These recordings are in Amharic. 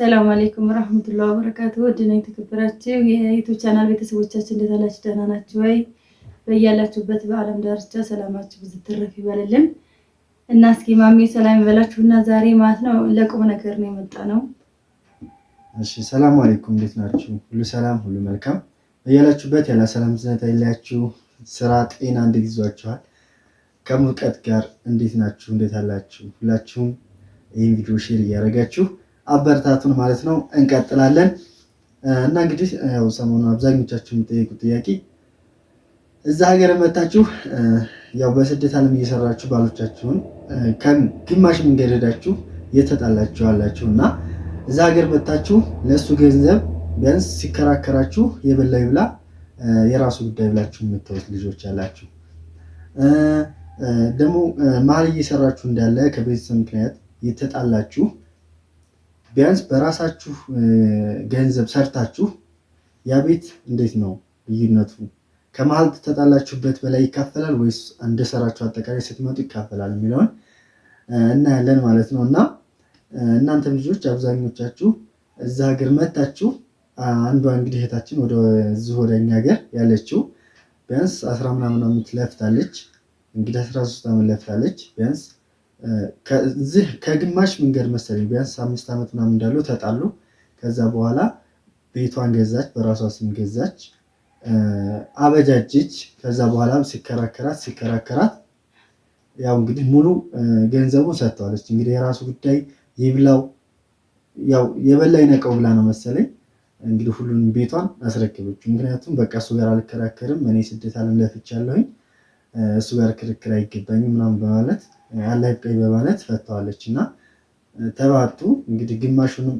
ሰላም አለይኩም ወራህመቱላሂ ወበረካቱ። ድና የተከበራችሁ የዩቲዩብ ቻናል ቤተሰቦቻችን እንዴት አላችሁ? ደህና ናችሁ ወይ? በያላችሁበት በአለም ዳርቻ ሰላማችሁ ብዙ ትረፍ ይበልልን እና እስኪ ማሚ ሰላም እና ዛሬ ማለት ነው ለቁም ነገር ነው የመጣ ነው። እሺ ሰላም አለይኩም፣ እንዴት ናችሁ? ሁሉ ሰላም፣ ሁሉ መልካም። በያላችሁበት ያለ ሰላም ዝነት አይለያችሁ። ስራ ጤና እንዴት ይዟችኋል? ከሙቀት ጋር እንዴት ናችሁ? እንዴት አላችሁ? ሁላችሁም ይህን ቪዲዮ ሼር እያደረጋችሁ አበረታቱን ማለት ነው። እንቀጥላለን እና እንግዲህ ያው ሰሞኑ አብዛኞቻችሁ የሚጠየቁት ጥያቄ እዛ ሀገር መታችሁ ያው በስደት ዓለም እየሰራችሁ ባሎቻችሁን ግማሽ መንገድ ሄዳችሁ የተጣላችሁ አላችሁ እና እዛ ሀገር መታችሁ ለእሱ ገንዘብ ቢያንስ ሲከራከራችሁ የበላ ይብላ የራሱ ጉዳይ ብላችሁ የምታዩት ልጆች አላችሁ። ደግሞ መሀል እየሰራችሁ እንዳለ ከቤተሰብ ምክንያት የተጣላችሁ ቢያንስ በራሳችሁ ገንዘብ ሰርታችሁ ያ ቤት እንዴት ነው ልዩነቱ? ከመሀል ተጣላችሁበት በላይ ይካፈላል ወይስ እንደሰራችሁ አጠቃላይ ስትመጡ ይካፈላል የሚለውን እናያለን ማለት ነው። እና እናንተ ልጆች አብዛኞቻችሁ እዛ ሀገር መታችሁ፣ አንዷ እንግዲህ እህታችን ወደዚህ ወደ እኛ ሀገር ያለችው ቢያንስ አስራ ምናምን ዓመት ለፍታለች። እንግዲህ አስራ ሶስት ዓመት ለፍታለች ቢያንስ ከዚህ ከግማሽ መንገድ መሰለኝ ቢያንስ አምስት ዓመት ምናምን እንዳለው ተጣሉ። ከዛ በኋላ ቤቷን ገዛች፣ በራሷ ስም ገዛች፣ አበጃጀች። ከዛ በኋላም ሲከራከራት ሲከራከራት ያው እንግዲህ ሙሉ ገንዘቡን ሰጥተዋለች። እንግዲህ የራሱ ጉዳይ ይብላው፣ ያው የበላ ነቀው ብላ ነው መሰለኝ እንግዲህ ሁሉንም ቤቷን አስረክበች። ምክንያቱም በቃ እሱ ጋር አልከራከርም እኔ ስደት አለም ለፍቻለሁኝ እሱ ጋር ክርክር አይገባኝም ምናምን በማለት አላይቀኝ በማለት ፈተዋለች። እና ተባቱ እንግዲህ ግማሹንም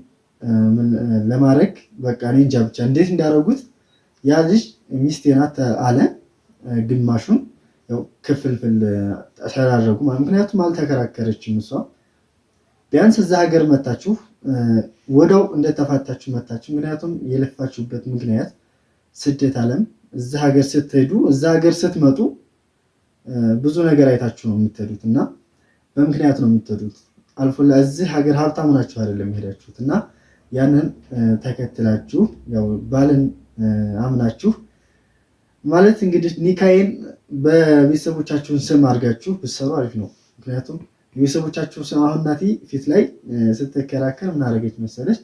ለማድረግ በቃ እኔ እንጃ ብቻ እንዴት እንዳደረጉት ያ ልጅ ሚስቴ ናት አለ። ግማሹን ክፍልፍል ተደራረጉ። ምክንያቱም አልተከራከረችም እሷ ቢያንስ እዛ ሀገር መታችሁ ወደው እንደተፋታችሁ መታችሁ። ምክንያቱም የለፋችሁበት ምክንያት ስደት አለም እዛ ሀገር ስትሄዱ እዛ ሀገር ስትመጡ ብዙ ነገር አይታችሁ ነው የምትሄዱት እና በምክንያት ነው የምትሄዱት። አልፎ እዚህ ሀገር ሀብታም ሆናችሁ አይደለም የሄዳችሁት እና ያንን ተከትላችሁ ያው ባልን አምናችሁ ማለት እንግዲህ ኒካይን በቤተሰቦቻችሁን ስም አድርጋችሁ ብትሰሩ አሪፍ ነው። ምክንያቱም የቤተሰቦቻችሁ ስም አሁን እናቴ ፊት ላይ ስትከራከር ምን መሰለች?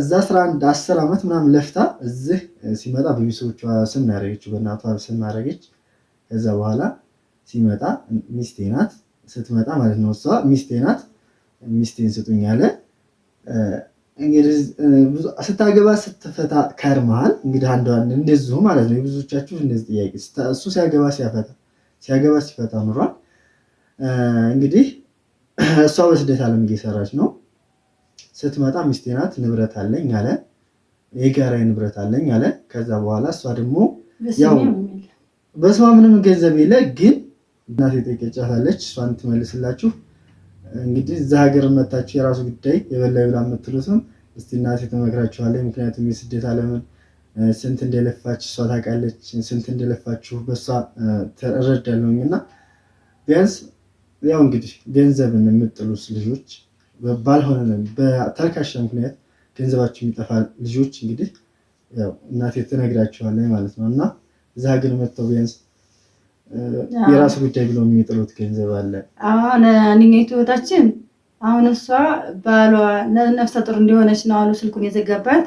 እዛ አስራ አንድ አስር ዓመት ምናምን ለፍታ እዚህ ሲመጣ በቤተሰቦቿ ስም ያደረገችው በእናቷ ስም ያደረገች ከዛ በኋላ ሲመጣ ሚስቴ ናት ስትመጣ ማለት ነው እሷ ሚስቴ ናት ሚስቴን ስጡኝ አለ። እንግዲህ ስታገባ ስትፈታ ከርመሃል። እንግዲህ አንዱ አንድ እንደዚሁ ማለት ነው። የብዙዎቻችሁ እንደዚህ ጥያቄ እሱ ሲያገባ ሲያፈታ ሲያገባ ሲፈታ ኑሯል። እንግዲህ እሷ በስደት ዓለም እየሰራች ነው። ስትመጣ ሚስቴ ናት፣ ንብረት አለኝ አለ፣ የጋራ ንብረት አለኝ አለ። ከዛ በኋላ እሷ ደግሞ ያው በሷ ምንም ገንዘብ የለ፣ ግን እናቴ ጠይቀጫታለች፣ እሷን ትመልስላችሁ። እንግዲህ እዛ ሀገር መታችሁ የራሱ ጉዳይ የበላ ብላ የምትሉትም እስቲ እናቴ ትመክራችኋለች። ምክንያቱም የስደት አለምን ስንት እንደለፋች እሷ ታውቃለች፣ ስንት እንደለፋችሁ በሷ እረዳለሁኝ። እና ቢያንስ ያው እንግዲህ ገንዘብን የምጥሉት ልጆች ባልሆነ በተልካሻ ምክንያት ገንዘባችሁ የሚጠፋ ልጆች እንግዲህ እናቴ ትነግራችኋለች ማለት ነው እና እዛ ግን መጥተው ቢያንስ የራሱ ጉዳይ ብሎ የሚጥሉት ገንዘብ አለ። አሁን አንደኛይቱ እህታችን አሁን እሷ ባሏ ነፍሰ ጡር እንደሆነች ነው አሁን ስልኩን የዘጋባት።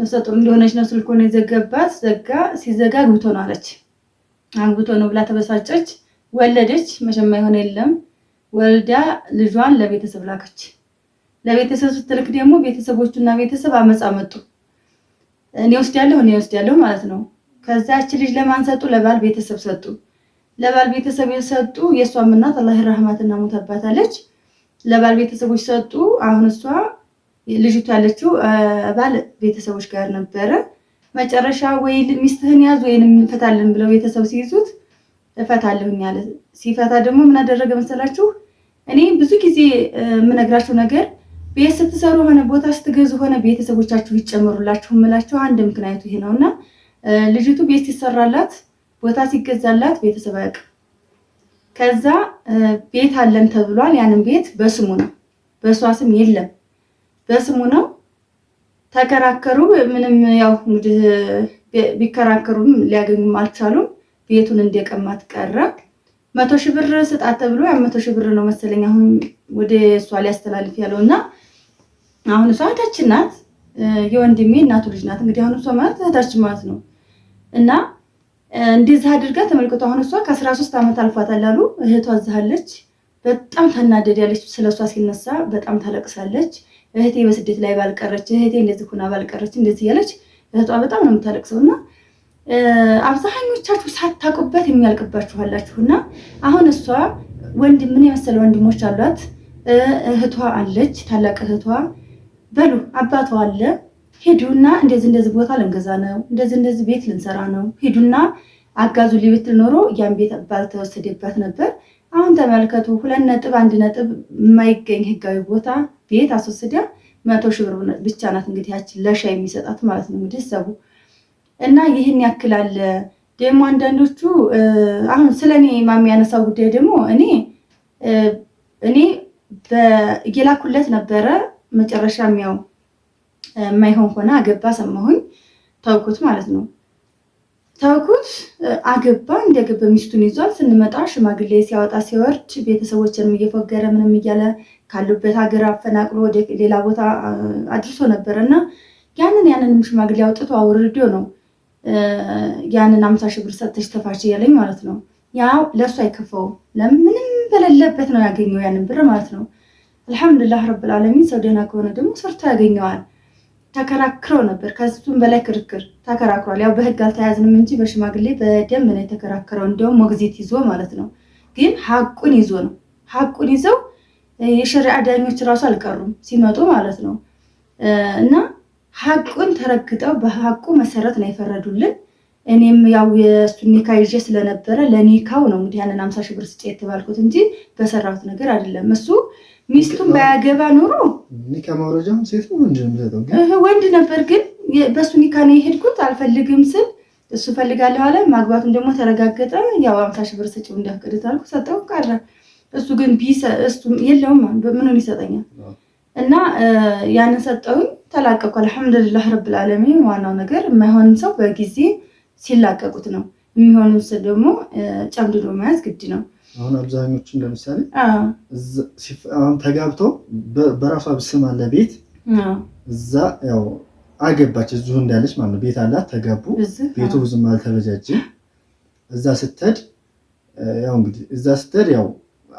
ነፍሰ ጡር እንደሆነች ነው ስልኩን የዘገባት። ዘጋ ሲዘጋ አግብቶ ነው አለች። አግብቶ ነው ብላ ተበሳጨች። ወለደች። መሸማ የሆነ የለም ወልዳ ልጇን ለቤተሰብ ላከች። ለቤተሰብ ስትልክ ደግሞ ቤተሰቦቹና ቤተሰብ አመፃ መጡ። እኔ ያለሁ እኔ ያለሁ ማለት ነው ከዛች ልጅ ለማን ሰጡ? ለባል ቤተሰብ ሰጡ። ለባል ቤተሰብ የሰጡ የእሷም እናት አላህ ረህማትና ሞት አባታለች። ለባል ቤተሰቦች ሰጡ። አሁን እሷ ልጅቷ ያለችው ባል ቤተሰቦች ጋር ነበረ። መጨረሻ ወይ ሚስትህን ያዝ ወይንም እንፈታለን ብለው ቤተሰብ ሲይዙት እፈታለሁኝ ያለ ሲፈታ ደግሞ ምን አደረገ መሰላችሁ? እኔ ብዙ ጊዜ የምነግራችሁ ነገር ቤት ስትሰሩ ሆነ ቦታ ስትገዙ ሆነ ቤተሰቦቻችሁ ይጨመሩላችሁ የምላችሁ አንድ ምክንያቱ ይሄ ነውና ልጅቱ ቤት ሲሰራላት ቦታ ሲገዛላት ቤተሰብ አያውቅም። ከዛ ቤት አለን ተብሏል። ያንን ቤት በስሙ ነው፣ በእሷ ስም የለም፣ በስሙ ነው። ተከራከሩ። ምንም ያው እንግዲህ ቢከራከሩም ሊያገኙም አልቻሉም። ቤቱን እንደቀማት ቀረ። መቶ ሺህ ብር ስጣት ተብሎ ያ መቶ ሺህ ብር ነው መሰለኝ አሁን ወደ እሷ ሊያስተላልፍ ያለው እና አሁን እሷ እህታችን ናት፣ የወንድሜ እናቱ ልጅ ናት። እንግዲህ አሁን እሷ ማለት እህታችን ማለት ነው እና እንደዚህ አድርጋ ተመልክቶ አሁን እሷ ከአስራ ሶስት ዓመት አልፏታል አሉ እህቷ ዛለች። በጣም ታናደዳለች። ስለ እሷ ሲነሳ በጣም ታለቅሳለች። እህቴ በስደት ላይ ባልቀረች፣ እህቴ እንደዚህ ሁና ባልቀረች፣ እንደዚህ እያለች እህቷ በጣም ነው የምታለቅሰው እና አብዛኞቻችሁ ሳታውቁበት የሚያልቅባችኋላችሁ እና አሁን እሷ ወንድ ምን የመሰለ ወንድሞች አሏት። እህቷ አለች፣ ታላቅ እህቷ በሉ አባቷ አለ ሂዱና እንደዚህ እንደዚህ ቦታ ልንገዛ ነው፣ እንደዚህ እንደዚህ ቤት ልንሰራ ነው፣ ሂዱና አጋዙ ሊቤት ኖሮ ያን ቤት ባልተወሰደበት ነበር። አሁን ተመልከቱ፣ ሁለት ነጥብ አንድ ነጥብ የማይገኝ ህጋዊ ቦታ ቤት አስወስዳ መቶ ሺህ ብር ብቻ ናት እንግዲህ ያችን ለሻ የሚሰጣት ማለት ነው። እንግዲህ ሰቡ እና ይህን ያክላል። ደግሞ አንዳንዶቹ አሁን ስለ እኔ ማሚያነሳው ጉዳይ ደግሞ እኔ እኔ እየላኩለት ነበረ መጨረሻም ያው የማይሆን ሆነ አገባ ሰማሁኝ ተውኩት ማለት ነው። ተውኩት አገባ እንዲያገባ ሚስቱን ይዟል። ስንመጣ ሽማግሌ ሲያወጣ ሲወርድ ቤተሰቦችንም እየፎገረ ምንም እያለ ካሉበት ሀገር አፈናቅሎ ወደ ሌላ ቦታ አድርሶ ነበር እና ያንን ያንንም ሽማግሌ አውጥቶ አውርዶ ነው ያንን አምሳ ሺህ ብር ሰጥተሽ ተፋች እያለኝ ማለት ነው። ያው ለእሱ አይከፋውም ለምንም በሌለበት ነው ያገኘው ያንን ብር ማለት ነው። አልሐምዱላህ ረብል ዓለሚን ሰው ደህና ከሆነ ደግሞ ሰርቶ ያገኘዋል። ተከራክረው ነበር። ከሱም በላይ ክርክር ተከራክሯል። ያው በህግ አልተያዝንም እንጂ በሽማግሌ በደንብ ነው የተከራከረው። እንዲያውም ሞግዚት ይዞ ማለት ነው። ግን ሀቁን ይዞ ነው። ሀቁን ይዘው የሸሪ ዳኞች እራሱ አልቀሩም ሲመጡ ማለት ነው። እና ሀቁን ተረግጠው በሀቁ መሰረት ነው የፈረዱልን። እኔም ያው የእሱ ኒካ ይዤ ስለነበረ ለኒካው ነው እንግዲህ ያንን አምሳ ሺህ ብር ስጭ የተባልኩት እንጂ በሰራሁት ነገር አይደለም እሱ ሚስቱን ባያገባ ኖሮ ኒካ ማውረጃም ሴት ነው ወንድ ነበር። ግን በእሱ ኒካ ነው የሄድኩት። አልፈልግም ስል እሱ ፈልጋለሁ አለ። ማግባቱን ደግሞ ተረጋገጠ። ያው አምሳ ሺህ ብር ስጪው እንዳትቀደት አልኩ። ሰጠው ቀረ። እሱ ግን የለውም ምኑን ይሰጠኛል? እና ያንን ሰጠውኝ። ተላቀቁ። አልሐምዱሊላህ ረብል ዓለሚን። ዋናው ነገር የማይሆን ሰው በጊዜ ሲላቀቁት ነው የሚሆኑ ደግሞ ጨምድዶ መያዝ ግድ ነው። አሁን አብዛኞቹን ለምሳሌ አሁን ተጋብተው በራሷ ስም አለ ቤት እዛ ያው አገባች እዚሁ እንዳለች ማለት ነው። ቤት አላት ተጋቡ። ቤቱ ብዙም አልተበጃጅም። እዛ ስትሄድ ያው እንግዲህ እዛ ስትሄድ ያው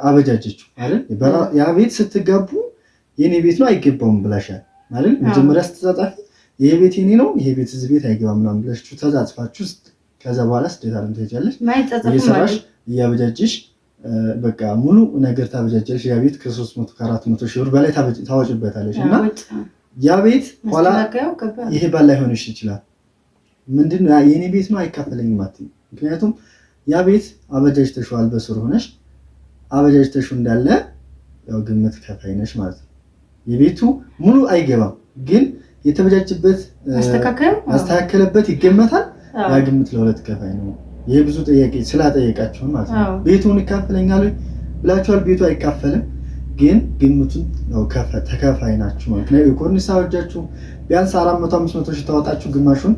አበጃጀችው አይደል? ያ ቤት ስትጋቡ የኔ ቤት ነው አይገባውም ብላሻል ማለት መጀመሪያ ስትጻጻፊ ይሄ ቤት የኔ ነው፣ ይሄ ቤት እዚህ ቤት አይገባም ምናምን ብላችሁ ተጻጽፋችሁ ከዛ በኋላ ስደት አለም ትሄጃለሽ እየሰራሽ እያበጃጅሽ በቃ ሙሉ ነገር ታበጃጀለሽ። ያ ቤት ከሶስት መቶ ከአራት መቶ ሺህ ብር በላይ ታወጭበታለሽ። እና ያ ቤት ኋላ ይሄ ባል ላይሆንሽ ይችላል። ምንድን የኔ ቤት ነው አይካፈለኝም አትይም። ምክንያቱም ያ ቤት አበጃጅተሽው አልበስር ሆነሽ አበጃጅተሽው እንዳለ ያው ግምት ከፋይ ነሽ ማለት ነው። የቤቱ ሙሉ አይገባም፣ ግን የተበጃጅበት አስተካከለበት ይገመታል። ያ ግምት ለሁለት ከፋይ ነው። የብዙ ጥያቄ ስላጠየቃችሁ ማለት ነው። ቤቱን ይካፈለኛል ብላችኋል። ቤቱ አይካፈልም፣ ግን ግምቱን ነው ተካፋይ ናችሁ ማለት ነው። የኮርኒስ አወጃችሁ ቢያንስ አራት መቶ አምስት መቶ ሺህ ታወጣችሁ፣ ግማሹን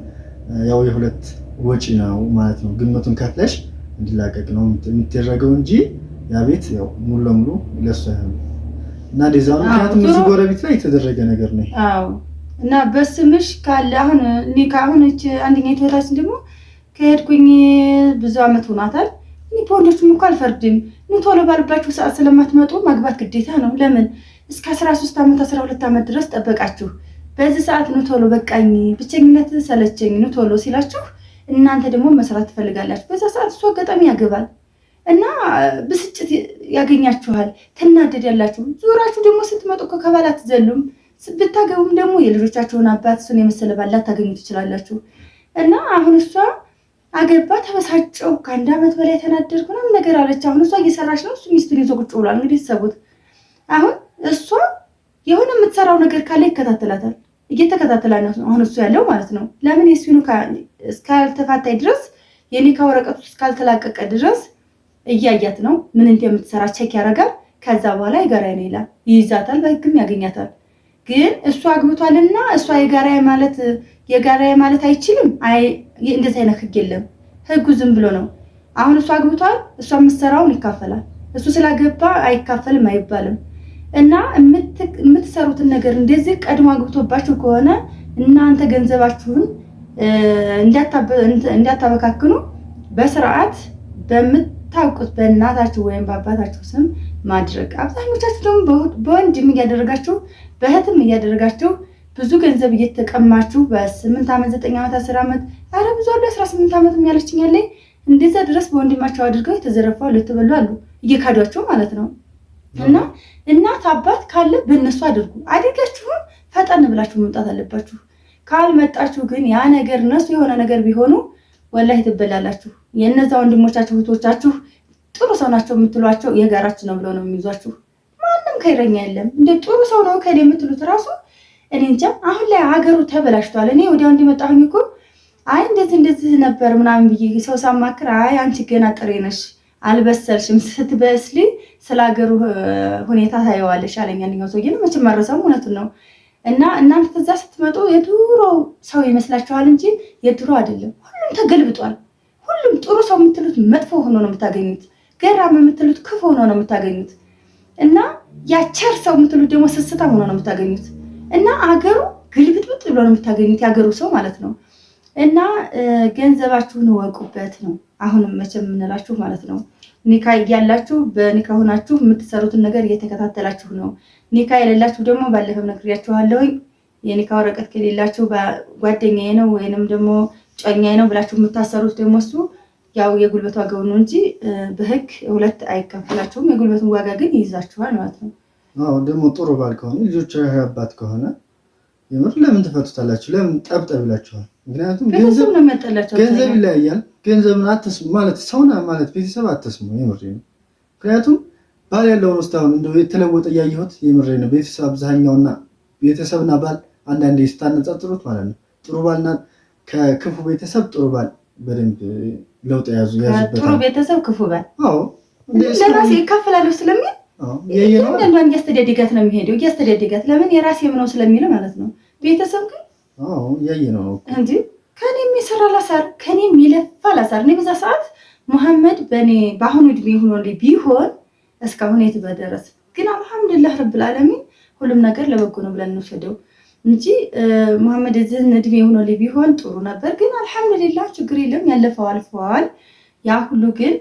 ያው የሁለት ወጪ ነው ማለት ነው። ግምቱን ከፍለሽ እንዲላቀቅ ነው የምትደረገው እንጂ ያ ቤት ያው ሙሉ ለሙሉ ለሱ አይሆንም እና ዛ ምክንያቱም እዚህ ጎረቤት ላይ የተደረገ ነገር ነው እና በስምሽ ካለ አሁን እኔ ከአሁን አንደኛ የተወታችን ደግሞ ከሄድኩኝ ብዙ ዓመት ሆኗታል። እኔ በወንዶችም እኮ አልፈርድም። ኑ ቶሎ ባልባችሁ ሰዓት ስለማትመጡ ማግባት ግዴታ ነው። ለምን እስከ አስራ ሶስት ዓመት አስራ ሁለት ዓመት ድረስ ጠበቃችሁ። በዚህ ሰዓት ኑ ቶሎ በቃኝ፣ ብቸኝነት ሰለቸኝ፣ ኑ ቶሎ ሲላችሁ እናንተ ደግሞ መስራት ትፈልጋላችሁ። በዛ ሰዓት እሱ አጋጣሚ ያገባል እና ብስጭት ያገኛችኋል፣ ትናደዳላችሁ። ዙራችሁ ደግሞ ስትመጡ እኮ ከባል አትዘሉም። ብታገቡም ደግሞ የልጆቻችሁን አባት እሱን የመሰለ ባል ላታገኙ ትችላላችሁ እና አሁን እሷ አገባ ተበሳጨው። ከአንድ አመት በላይ ተናደድኩ ምናምን ነገር አለች። አሁን እሷ እየሰራች ነው፣ እሱ ሚስቱን ይዞ ቁጭ ብሏል። እንግዲህ ሰቡት። አሁን እሷ የሆነ የምትሰራው ነገር ካለ ይከታተላታል። እየተከታተላ አሁን እሱ ያለው ማለት ነው። ለምን የሱኑ እስካልተፋታይ ድረስ የኒካ ወረቀቱ እስካልተላቀቀ ድረስ እያያት ነው። ምን እንደምትሰራ ቼክ ያደርጋል። ከዛ በኋላ የጋራ ነው ይላል። ይይዛታል፣ በህግም ያገኛታል። ግን እሱ አግብቷልና እሷ የጋራ ማለት የጋራ ማለት አይችልም። እንደዚህ አይነት ህግ የለም። ህጉ ዝም ብሎ ነው። አሁን እሱ አግብቷል፣ እሷ የምትሰራውን ይካፈላል። እሱ ስላገባ አይካፈልም አይባልም። እና የምትሰሩትን ነገር እንደዚህ ቀድሞ አግብቶባችሁ ከሆነ እናንተ ገንዘባችሁን እንዳታበካክኑ በስርዓት በምታውቁት በእናታችሁ ወይም በአባታችሁ ስም ማድረግ። አብዛኞቻችሁ ደግሞ በወንድም እያደረጋችሁ በእህትም እያደረጋችሁ ብዙ ገንዘብ እየተቀማችሁ በስምንት ዓመት ዘጠኝ ዓመት አስር ዓመት አረ ብዙ አሉ አስራ ስምንት ዓመት የሚያለችኝ ያለኝ እንደዛ ድረስ በወንድማቸው አድርገው የተዘረፉ ልትበሉ አሉ እየካዷቸው ማለት ነው። እና እናት አባት ካለ በእነሱ አድርጉ። አድርጋችሁም ፈጠን ብላችሁ መምጣት አለባችሁ። ካልመጣችሁ ግን ያ ነገር እነሱ የሆነ ነገር ቢሆኑ ወላሂ ትበላላችሁ። የእነዛ ወንድሞቻችሁ እህቶቻችሁ ጥሩ ሰው ናቸው የምትሏቸው የጋራችን ነው ብለው ነው የሚይዟችሁ። ማንም ከይረኛ የለም እንደ ጥሩ ሰው ነው ከል የምትሉት ራሱ እኔ እንጃ አሁን ላይ ሀገሩ ተበላሽቷል። እኔ ወዲያው እንዲመጣሁኝ እኮ አይ እንደዚህ እንደዚህ ነበር ምናምን ብዬ ሰው ሳማክር አይ አንቺ ገና ጥሬ ነሽ አልበሰልሽም፣ ስትበስሊ ስለ ሀገሩ ሁኔታ ታየዋለሽ አለኝ አንደኛው ሰውዬ መቼም መረሰው እውነቱን ነው። እና እናንተ ከዛ ስትመጡ የድሮ ሰው ይመስላችኋል እንጂ የድሮ አይደለም። ሁሉም ተገልብጧል። ሁሉም ጥሩ ሰው የምትሉት መጥፎ ሆኖ ነው የምታገኙት። ገራም የምትሉት ክፉ ሆኖ ነው የምታገኙት። እና ያቸር ሰው የምትሉት ደግሞ ስስታም ሆኖ ነው የምታገኙት። እና አገሩ ግልብጥብጥ ብሎ ነው የምታገኙት የአገሩ ሰው ማለት ነው። እና ገንዘባችሁን እወቁበት ነው አሁንም መቼም የምንላችሁ ማለት ነው። ኒካ እያላችሁ በኒካ ሆናችሁ የምትሰሩትን ነገር እየተከታተላችሁ ነው። ኒካ የሌላችሁ ደግሞ ባለፈው ነግሬያችኋለሁኝ። የኒካ ወረቀት ከሌላችሁ ጓደኛዬ ነው ወይንም ደግሞ ጮኛዬ ነው ብላችሁ የምታሰሩት ደግሞ እሱ ያው የጉልበት ዋጋው ነው እንጂ በህግ ሁለት አይከፍላችሁም። የጉልበቱን ዋጋ ግን ይይዛችኋል ማለት ነው። አዎ ደግሞ ጥሩ ባል ከሆነ ልጆች አባት ከሆነ የምር ለምን ትፈቱታላችሁ? ለምን ጠብጠብ ይላችኋል? ምክንያቱም ገንዘብ ገንዘብ ይለያያል። ገንዘብን አትስሙ ማለት ሰውና ማለት ቤተሰብ አትስሙ። የምር ምክንያቱም ባል ያለውን ውስጥ አሁን እንደው የተለወጠ እያየሁት የምር ነው። ቤተሰብ አብዛኛውና ቤተሰብና ባል አንዳንዴ ስታነጻጽሩት ማለት ነው ጥሩ ባልና ከክፉ ቤተሰብ ጥሩ ባል በደንብ ለውጥ ያዙ ያዙበት ጥሩ ቤተሰብ ክፉ ባል ለራሴ ይካፈላለሁ ስለሚል እያንዳንዷን እያስተዳደጋት ነው የሚሄደው። እያስተዳደጋት ለምን የራሴም ነው ስለሚለው ማለት ነው። ቤተሰብ ግን እያየ ነው እንጂ ከኔ የሚሰራ ላሳር ከኔ የሚለፋ ላሳር እኔ በዛ ሰዓት መሐመድ በእኔ በአሁኑ እድሜ ሆኖ ቢሆን እስካሁን የት በደረስ። ግን አልሐምዱላህ ረብል ዓለሚን ሁሉም ነገር ለበጎ ነው ብለን እንውሰደው እንጂ መሐመድ እዚህ እድሜ ሆኖ ቢሆን ጥሩ ነበር። ግን አልሐምዱሊላህ ችግር የለም ያለፈው አልፈዋል። ያ ሁሉ ግን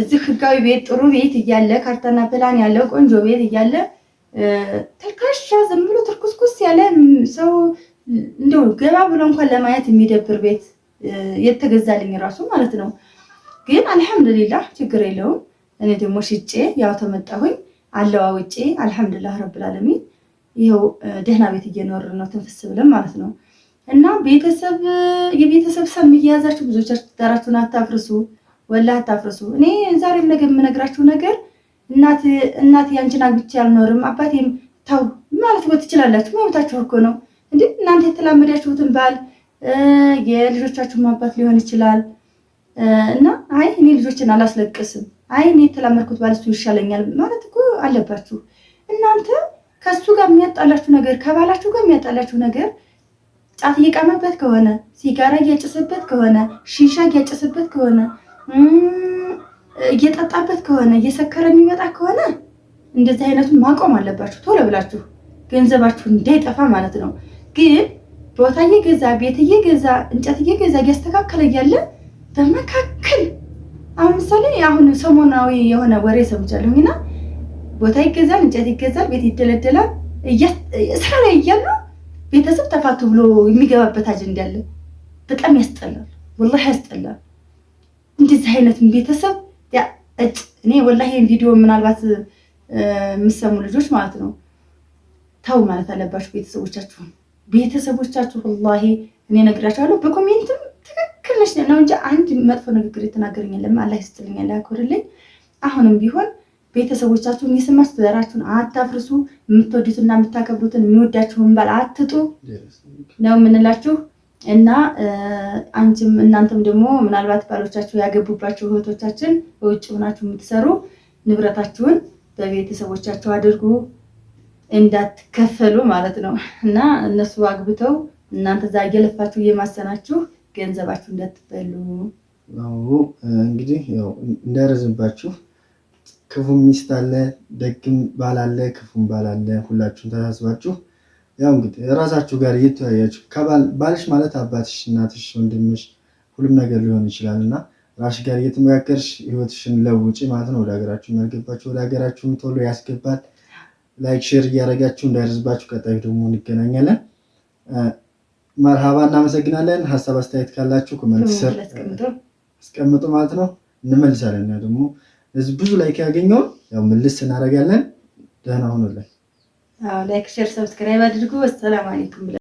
እዚህ ህጋዊ ቤት ጥሩ ቤት እያለ ካርታና ፕላን ያለው ቆንጆ ቤት እያለ ተልካሻ ዝም ብሎ ትርኩስኩስ ያለ ሰው እንደው ገባ ብሎ እንኳን ለማየት የሚደብር ቤት የተገዛልኝ ራሱ ማለት ነው። ግን አልሐምዱሊላህ ችግር የለውም። እኔ ደግሞ ሽጬ ያው ተመጣሁኝ አለዋውጬ አልሐምዱሊላህ ረብል ይኸው ደህና ቤት እየኖር ነው ትንፍስ ብለን ማለት ነው። እና ቤተሰብ የቤተሰብ ሰም እያያዛችሁ ብዙዎቻችሁ ትዳራችሁን አታፍርሱ። ወላህ አታፍርሱ። እኔ ዛሬም ነገ የምነግራችሁ ነገር እናት እናት ያንቺን አግብቼ አልኖርም አባቴም ተው ማለት ወት ትችላላችሁ። መብታችሁ እኮ ነው። እንዴ እናንተ የተላመዳችሁትን ባል የልጆቻችሁ አባት ሊሆን ይችላል። እና አይ እኔ ልጆችን አላስለቅስም፣ አይ እኔ የተላመድኩት ባል እሱ ይሻለኛል ማለት እኮ አለባችሁ እናንተ ከሱ ጋር የሚያጣላችሁ ነገር ከባላችሁ ጋር የሚያጣላችሁ ነገር ጫት እየቃመበት ከሆነ ሲጋራ እያጨሰበት ከሆነ ሺሻ እያጨሰበት ከሆነ እየጠጣበት ከሆነ እየሰከረ የሚመጣ ከሆነ እንደዚህ አይነቱን ማቆም አለባችሁ፣ ቶሎ ብላችሁ ገንዘባችሁ እንዳይጠፋ ማለት ነው። ግን ቦታ እየገዛ ቤት እየገዛ እንጨት እየገዛ እያስተካከለ እያለ በመካከል አሁን ምሳሌ አሁን ሰሞናዊ የሆነ ወሬ ሰምቻለሁ እና ቦታ ይገዛል፣ እንጨት ይገዛል፣ ቤት ይደለደላል። ስራ ላይ እያሉ ቤተሰብ ተፋቱ ብሎ የሚገባበት አጀንዳ አለ። በጣም ያስጠላል፣ ወላሂ ያስጠላል። እንደዚህ አይነት ቤተሰብ እኔ ወላሂ ቪዲዮ ምናልባት የምሰሙ ልጆች ማለት ነው ተው ማለት አለባችሁ ቤተሰቦቻችሁ ቤተሰቦቻችሁ ወላሂ እኔ እነግራችኋለሁ። በኮሜንትም ትክክል ነች ነው እንጂ አንድ መጥፎ ንግግር የተናገረኝ የለም። አላህ ይስጥልኝ፣ አላህ ያክብርልኝ። አሁንም ቢሆን ቤተሰቦቻችሁን የሰማችሁ ትዳራችሁን አታፍርሱ። የምትወዱትና የምታከብሩትን የሚወዳችሁን ባል አትጡ ነው የምንላችሁ። እና አንቺም እናንተም ደግሞ ምናልባት ባሎቻችሁ ያገቡባቸው እህቶቻችን በውጭ ሆናችሁ የምትሰሩ ንብረታችሁን በቤተሰቦቻችሁ አድርጉ እንዳትከፈሉ ማለት ነው። እና እነሱ አግብተው እናንተ እዛ እየለፋችሁ እየማሰናችሁ ገንዘባችሁ እንዳትበሉ። እንግዲህ ያው እንዳይረዝምባችሁ ክፉም ሚስት አለ፣ ደግም ባል አለ፣ ክፉም ባል አለ። ሁላችሁም ተሳስባችሁ ያው እንግዲህ ራሳችሁ ጋር እየተወያያችሁ ባልሽ ማለት አባትሽ፣ እናትሽ፣ ወንድምሽ ሁሉም ነገር ሊሆን ይችላል እና ራሽ ጋር እየተመካከርሽ ህይወትሽን ለውጪ ማለት ነው። ወደ ሀገራችሁ ያልገባችሁ ወደ ሀገራችሁም ቶሎ ያስገባል። ላይክ ሼር እያደረጋችሁ እንዳይርዝባችሁ። ቀጣዩ ደግሞ እንገናኛለን። መርሃባ፣ እናመሰግናለን። ሀሳብ አስተያየት ካላችሁ ኮመንት ስር አስቀምጡ ማለት ነው። እንመልሳለን። ያ ደግሞ ብዙ ላይክ ያገኘውን ያው ምልስ እናደርጋለን። ደህና ሁኑልን። ላይክ፣ ሼር፣ ሰብስክራይብ አድርጉ። አሰላም አለይኩም።